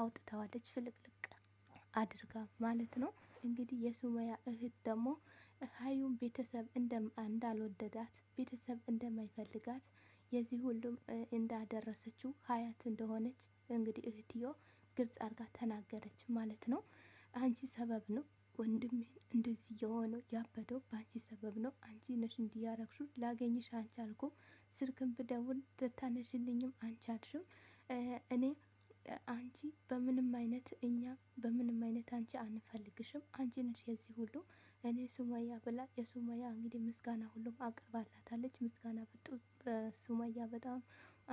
አውጥተዋለች ፍልቅልቅ አድርጋ ማለት ነው። እንግዲህ የሱመያ እህት ደግሞ ሀዩን ቤተሰብ እንዳልወደዳት ቤተሰብ እንደማይፈልጋት የዚህ ሁሉም እንዳደረሰችው ሀያት እንደሆነች እንግዲህ እህትዮ ግልጽ አድርጋ ተናገረች ማለት ነው። አንቺ ሰበብ ነው ወንድሜ እንደዚህ የሆነው ያበደው በአንቺ ሰበብ ነው። አንቺ ነሽ እንዲያረግሹ ላገኝሽ አንቻልኩም። ስልክን ብደውል ልታነሽልኝም አንቻልሽም እኔ አንቺ በምንም አይነት እኛ በምንም አይነት አንቺ አንፈልግሽም፣ አንቺ ነሽ የዚህ ሁሉ እኔ ሱመያ ብላ የሱመያ እንግዲህ ምስጋና ሁሉም አቅርባላታለች። ምስጋና በጡ ሱመያ በጣም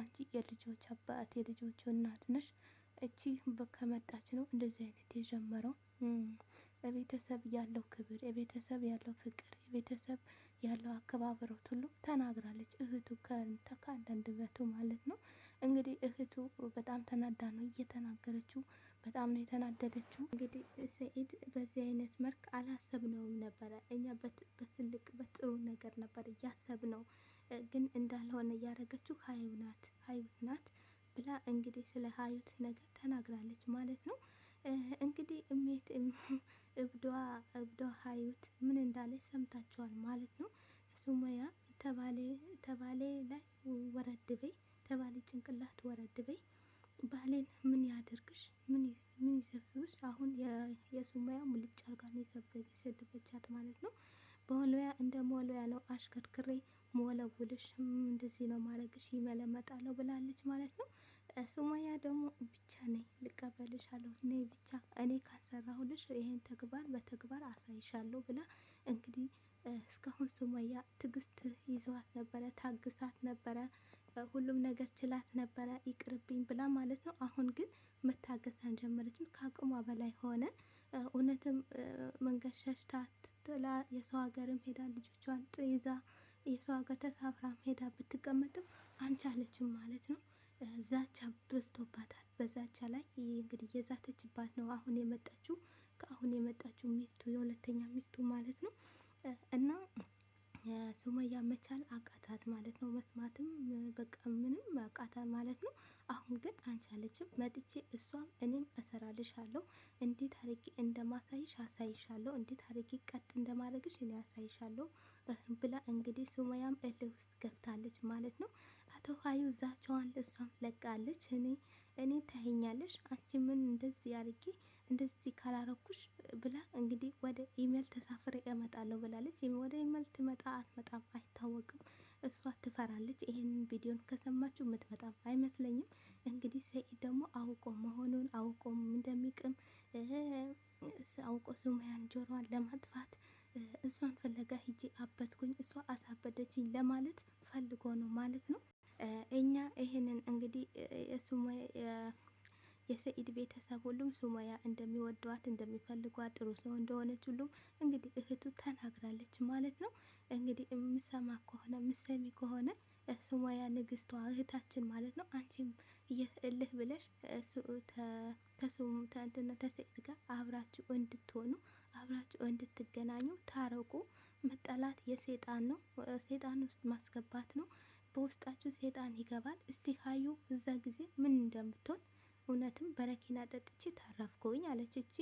አንቺ የልጆች አባት የልጆች እናት ነሽ። እቺ ከመጣች ነው እንደዚህ አይነት የጀመረው። በቤተሰብ ያለው ክብር፣ የቤተሰብ ያለው ፍቅር፣ የቤተሰብ ያለው አከባበሮት ሁሉ ተናግራለች። እህቱ ከአንዳንድ በቱ ማለት ነው እንግዲህ እህቱ በጣም ተናዳ ነው እየተናገረችው። በጣም ነው የተናደደችው። እንግዲህ ሰኢድ በዚህ አይነት መልክ አላሰብነውም ነበረ። እኛ በትልቅ በጥሩ ነገር ነበር እያሰብነው፣ ግን እንዳልሆነ እያደረገችው ሀይው ናት፣ ናት። ብላ እንግዲህ ስለ ሀዩት ነገር ተናግራለች ማለት ነው። እንግዲህ እሜት እብዷ እብዷ ሀዩት ምን እንዳለች ሰምታችኋል ማለት ነው። ሱሙያ ተባሌ ላይ ወረድ በይ፣ ተባሌ ጭንቅላት ወረድ በይ፣ ባሌን ምን ያደርግሽ? ምን ምን ይዘብብሽ? አሁን የሱሙያ ሙልጭ አርጋ ነው የሰደበቻት ማለት ነው። በወልወያ እንደ መወልወያ ነው አሽከርክሬ መወለውልሽ እንደዚህ ነው ማድረግሽ ይመለመጣለሁ ብላለች ማለት ነው። ሱማያ ደግሞ ብቻ ነኝ ልቀበልሻለሁ፣ እኔ ብቻ እኔ ካሰራሁልሽ ይህን ተግባር በተግባር አሳይሻለሁ ብላ እንግዲህ እስካሁን ሱማያ ትግስት ይዘዋት ነበረ፣ ታግሳት ነበረ፣ ሁሉም ነገር ችላት ነበረ ይቅርብኝ ብላ ማለት ነው። አሁን ግን መታገስ አልጀመረችም፣ ከአቅሟ በላይ ሆነ። እውነትም መንገድ ሸሽታት ትጥላ የሰው ሀገርም ሄዳ ልጆቿን ጥይዛ የሰው ሀገር ተሳፍራም ሄዳ ብትቀመጥም አልቻለችም ማለት ነው። ዛቻ በዝቶባታል። በዛቻ ላይ እንግዲህ የዛተችባት ነው አሁን የመጣችው ከአሁን የመጣችው ሚስቱ የሁለተኛ ሚስቱ ማለት ነው እና ሱመያ መቻል አቃታት ማለት ነው። መስማትም በቃ ምንም አቃታት ማለት ነው። አሁን ግን አንቻለችም። መጥቼ እሷም እኔም እሰራልሻለሁ፣ እንዴት አድርጌ እንደማሳይሽ አሳይሻለሁ፣ እንዴት አድርጌ ቀጥ እንደማድረግሽ እኔ አሳይሻለሁ ብላ እንግዲህ ሱመያም እልህ ውስጥ ገብታለች ማለት ነው። አቶ ሀዩ እዛቸዋን እሷም ለቃለች። እኔ እኔ ታይኛለሽ አንቺ ምን እንደዚህ አድርጌ እንደዚህ ካላረኩሽ ብላ እንግዲህ ወደ ኢሜል ተሳፍሬ እመጣለሁ ብላለች። ወደ ኢሜል ትመጣ አትመጣም አይታወቅም። እሷ ትፈራለች። ይሄንን ቪዲዮን ከሰማችሁ የምትመጣም አይመስለኝም። እንግዲህ ሰኢድ ደግሞ አውቆ መሆኑን አውቆ እንደሚቅም አውቆ ሱማያን ጆሮዋን ለማጥፋት እሷን ፍለጋ ሂጂ አበትኩኝ፣ እሷ አሳበደችኝ ለማለት ፈልጎ ነው ማለት ነው። እኛ ይህንን እንግዲህ የሰኢድ ቤተሰብ ሁሉም ሱመያ እንደሚወደዋት እንደሚፈልጓት ጥሩ ሰው እንደሆነች ሁሉም እንግዲህ እህቱ ተናግራለች ማለት ነው። እንግዲህ የምሰማ ከሆነ ምሰሚ ከሆነ ሱመያ ንግስቷ እህታችን ማለት ነው። አንቺም እልህ ብለሽ ተሰኢድ ጋር አብራችሁ እንድትሆኑ አብራችሁ እንድትገናኙ ታረቁ። መጠላት የሴጣን ነው። ሴጣን ውስጥ ማስገባት ነው። በውስጣችሁ ሴጣን ይገባል። እስቲ ካዩ እዛ ጊዜ ምን እንደምትሆን እውነትም በረኪና ጠጥቼ ታረፍኩኝ አለች። እቺ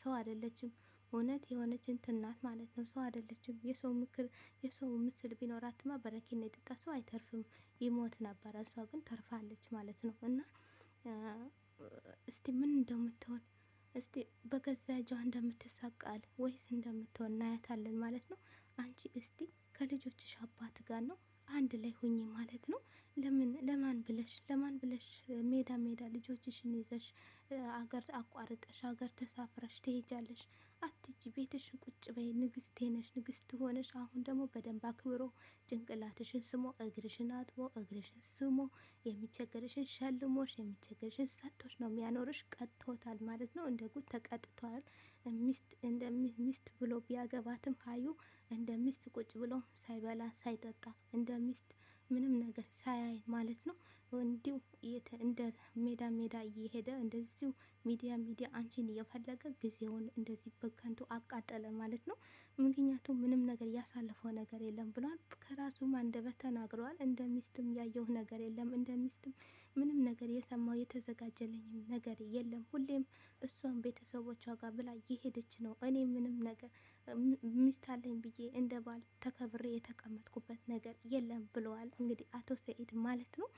ሰው አይደለችም፣ እውነት የሆነች እንትን ናት ማለት ነው። ሰው አይደለችም። የሰው ምክር የሰው ምስል ቢኖራትማ በረኪና የጠጣ ሰው አይተርፍም፣ ይሞት ነበረ። እሷ ግን ተርፋለች ማለት ነው። እና እስቲ ምን እንደምትሆን እስቲ በገዛ እጇ እንደምትሰቃል ወይስ እንደምትሆን እናያታለን ማለት ነው። አንቺ እስቲ ከልጆችሽ አባት ጋር ነው አንድ ላይ ሁኚ ማለት ነው። ለምን ለማን ብለሽ ለማን ብለሽ ሜዳ ሜዳ ልጆችሽን ይዘሽ አገር አቋርጠሽ አገር ተሳፍረሽ ትሄጃለሽ? አትጂ ቤትሽን ቁጭ በይ ንግስቴ ነሽ ንግስት ሆነሽ አሁን ደግሞ በደንብ አክብሮ ጭንቅላትሽን ስሞ እግርሽን አጥቦ እግርሽን ስሞ የሚቸገርሽን ሸልሞሽ የሚቸገርሽን ሰጥቶሽ ነው የሚያኖርሽ። ቀጥቶታል ማለት ነው። እንደ ጉድ ተቀጥቷል። ሚስት ብሎ ቢያገባትም ሀዩ እንደ ሚስት ቁጭ ብሎ ሳይበላ ሳይጠጣ እንደ ሚስት ምንም ነገር ሳያይ ማለት ነው እንዲሁ እንደ ሜዳ ሜዳ እየሄደ እንደዚሁ ሚዲያ ሚዲያ አንቺን እየፈለገ ጊዜውን እንደዚህ በከንቱ አቃጠለ ማለት ነው። ምክንያቱም ምንም ነገር ያሳለፈው ነገር የለም ብሏል። ከራሱም አንደበት ተናግረዋል። እንደ ሚስትም ያየው ነገር የለም። እንደ ሚስትም ምንም ነገር የሰማው የተዘጋጀለኝም ነገር የለም። ሁሌም እሷን ቤተሰቦቿ ጋር ብላ እየሄደች ነው። እኔ ምንም ነገር ሚስት አለኝ ብዬ እንደ ባል ተከብሬ የተቀመጥኩበት ነገር የለም ብለዋል። እንግዲህ አቶ ሰኢድ ማለት ነው።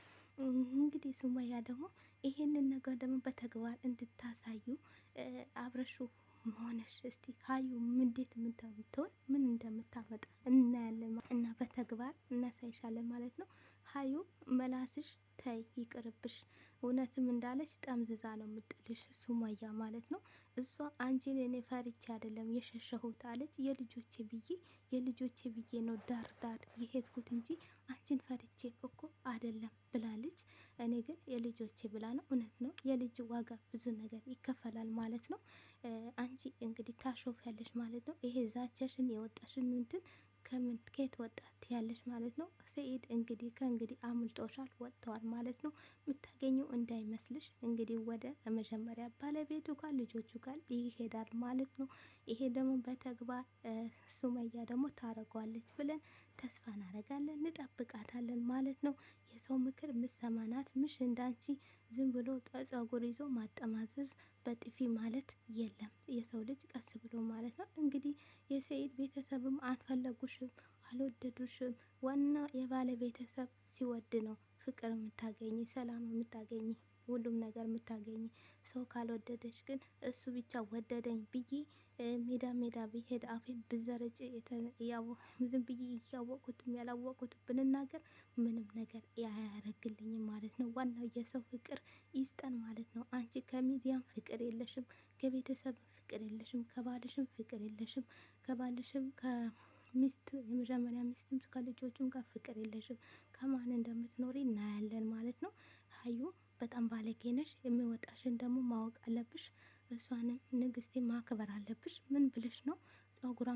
እንግዲህ ሱመያ ደግሞ ይሄንን ነገር ደግሞ በተግባር እንድታሳዩ አብረሹ መሆነሽ እስቲ ሀዩ እንዴት እንደምትሆን ምን እንደምታመጣ እናያለን እና በተግባር እናሳይሻለን ማለት ነው። ሀዩ መላስሽ ተይ ይቅርብሽ። እውነትም እንዳለች ጠምዝዛ ነው የምጥልሽ ሱመያ ማለት ነው። እሷ አንቺን እኔ ፈርቼ አይደለም የሸሸሁት አለች። የልጆቼ ብዬ የልጆቼ ብዬ ነው ዳር ዳር የሄድኩት እንጂ አንቺን ፈርቼ እኮ አይደለም ብላለች። እኔ ግን የልጆቼ ብላ ነው። እውነት ነው የልጅ ዋጋ ብዙ ነገር ይከፈላል ማለት ነው። አንቺ እንግዲህ ታሾፊያለሽ ማለት ነው። ይሄ ዛቻሽን የወጣሽን እንትን ከየት ወጣት ያለች ማለት ነው። ሰኢድ እንግዲህ ከእንግዲህ አምልጦሻል ወጥተዋል ማለት ነው። የምታገኘው እንዳይመስልሽ እንግዲህ ወደ መጀመሪያ ባለቤቱ ጋር ልጆቹ ጋር ይሄዳል ማለት ነው። ይሄ ደግሞ በተግባር ሱመያ ደግሞ ታደርገዋለች ብለን ተስፋ እናደርጋለን፣ እንጠብቃታለን ማለት ነው። የሰው ምክር ምሰማናት ምሽ እንዳንቺ ዝም ብሎ ጸጉር ይዞ ማጠማዘዝ በጥፊ ማለት የለም። የሰው ልጅ ቀስ ብሎ ማለት ነው። እንግዲህ የሰኢድ ቤተሰብም አልፈለጉሽም፣ አልወደዱሽም። ዋናው የባለ ቤተሰብ ሲወድ ነው ፍቅር የምታገኝ፣ ሰላም የምታገኝ፣ ሁሉም ነገር የምታገኝ። ሰው ካልወደደች ግን እሱ ብቻ ወደደኝ ብዬ ሜዳ ሜዳ ብሄድ አፌን ብዘረጭ ዝም ብዬ እያወቅኩትም ያላወቅኩትም ብንናገር ምንም ነገር አያረግልኝም ማለት ነው። ዋናው የሰው ፍቅር ይስጠን ማለት ነው። አንቺ ከሚዲያም ፍቅር የለሽም፣ ከቤተሰብ ፍቅር የለሽም፣ ከባልሽም ፍቅር የለሽም፣ ከባልሽም ከሚስት የመጀመሪያ ሚስትም ከልጆችም ጋር ፍቅር የለሽም። ከማን እንደምትኖሪ እናያለን ማለት ነው። ሀዩ በጣም ባለጌ ነሽ። የሚወጣሽን ደግሞ ማወቅ አለብሽ። እሷንም ንግስቴ ማክበር አለብሽ። ምን ብለሽ ነው ጸጉሯ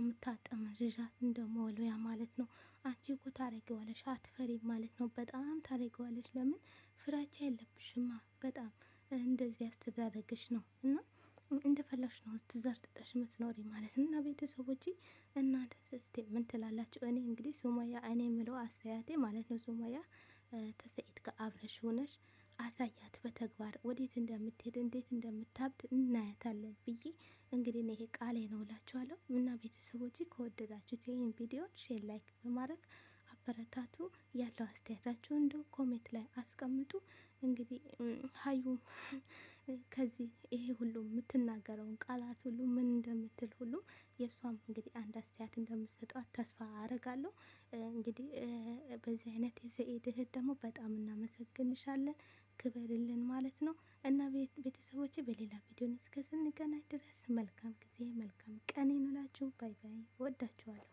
ዥዣት እንደ መወልወያ ማለት ነው? አንቺ እኮ ታረጊዋለሽ፣ አትፈሪ ማለት ነው። በጣም ታረጊዋለሽ። ለምን ፍራቻ የለብሽማ። በጣም እንደዚህ ያስተዳደግሽ ነው እና እንደፈላሽ ነው ትዘርጥጠሽ ምትኖሪ ማለት ነው። እና ቤተሰቦች እናንተ ስስቴ ምን ትላላችሁ? እኔ እንግዲህ ሱመያ እኔ የምለው አስተያየቴ ማለት ነው ሱመያ ተሰኢድ ጋር አብረሽ ሆነሽ አሳያት በተግባር ወዴት እንደምትሄድ እንዴት እንደምታብድ እናያታለን ብዬ እንግዲህ ይሄ ቃሌ ነው እላችኋለሁ። እና ቤተሰቦች ከወደዳችሁት ይህን ቪዲዮ ሼር፣ ላይክ በማድረግ አበረታቱ። ያለው አስተያየታችሁ እንደው ኮሜንት ላይ አስቀምጡ። እንግዲህ ሀዩ ከዚህ ይሄ ሁሉ የምትናገረውን ቃላት ሁሉ ምን እንደምትል ሁሉ የእሷም እንግዲህ አንድ አስተያየት እንደምትሰጧት ተስፋ አረጋለሁ። እንግዲህ በዚህ አይነት የሰኢድ እህት ደግሞ በጣም እናመሰግንሻለን። ክበርልን ማለት ነው እና ቤተሰቦች በሌላ ቪዲዮ እስከ ስንገናኝ ድረስ መልካም ጊዜ መልካም ቀን ይኑላችሁ። ባይ ባይ። ወዳችኋለሁ።